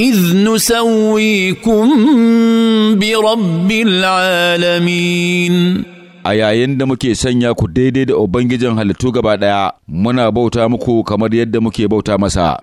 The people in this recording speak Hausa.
إذ نسويكم برب العالمين a yayin da muke sanya ku daidai da Ubangijin halittu gaba ɗaya, muna bauta muku kamar yadda muke bauta masa.